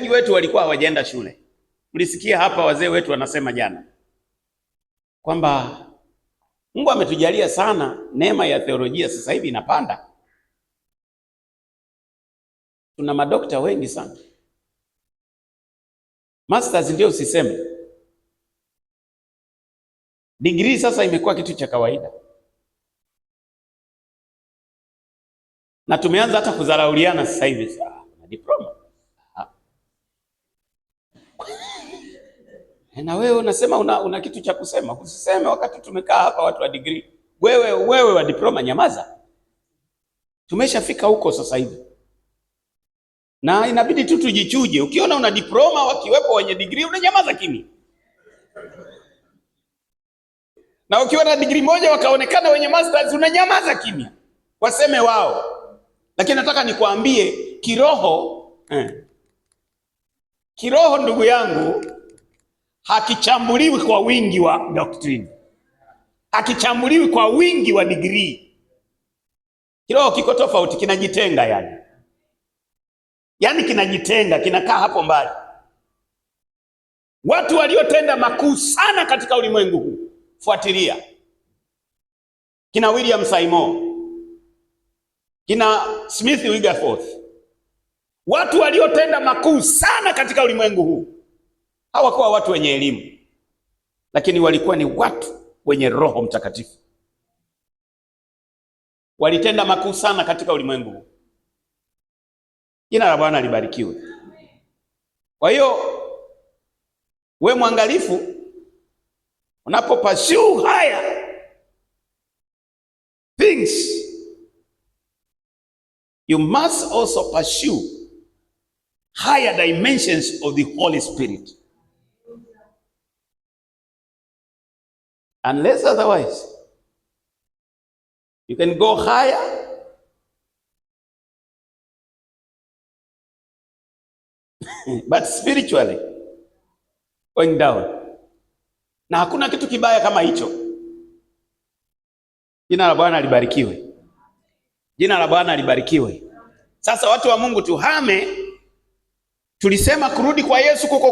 wengi wetu walikuwa hawajaenda shule. Mlisikia hapa wazee wetu wanasema jana kwamba Mungu ametujalia sana neema ya theolojia, sasa hivi inapanda. Tuna madokta wengi sana, masters ndio usiseme, degree sasa imekuwa kitu cha kawaida, na tumeanza hata kudharauliana sasa hivi, sasa ah, na diploma Eh, na wewe unasema una, una kitu cha kusema. Usiseme wakati tumekaa hapa watu wa degree. Wewe wewe wa diploma nyamaza. Tumeshafika huko sasa hivi, na inabidi tu tujichuje. Ukiona una diploma, wakiwepo wenye degree, unanyamaza kimya, na ukiwa na degree moja wakaonekana wenye masters, unanyamaza kimya, waseme wao. Lakini nataka nikuambie kiroho eh, kiroho ndugu yangu hakichambuliwi kwa wingi wa doctrine, hakichambuliwi kwa wingi wa degree. Kiroho kiko tofauti, kinajitenga yani, yani kinajitenga, kinakaa hapo mbali. Watu waliotenda makuu sana katika ulimwengu huu, fuatilia kina William Seymour, kina Smith Wigglesworth, watu waliotenda makuu sana katika ulimwengu huu Hawakuwa watu wenye elimu, lakini walikuwa ni watu wenye Roho Mtakatifu. Walitenda makuu sana katika ulimwengu. Jina la Bwana libarikiwe. Kwa hiyo we mwangalifu, unapopasiu haya things you must also pursue higher dimensions of the Holy Spirit. unless otherwise you can go higher but spiritually going down. Na hakuna kitu kibaya kama hicho. Jina la Bwana libarikiwe, jina la Bwana libarikiwe. Sasa watu wa Mungu, tuhame. Tulisema kurudi kwa Yesu kuko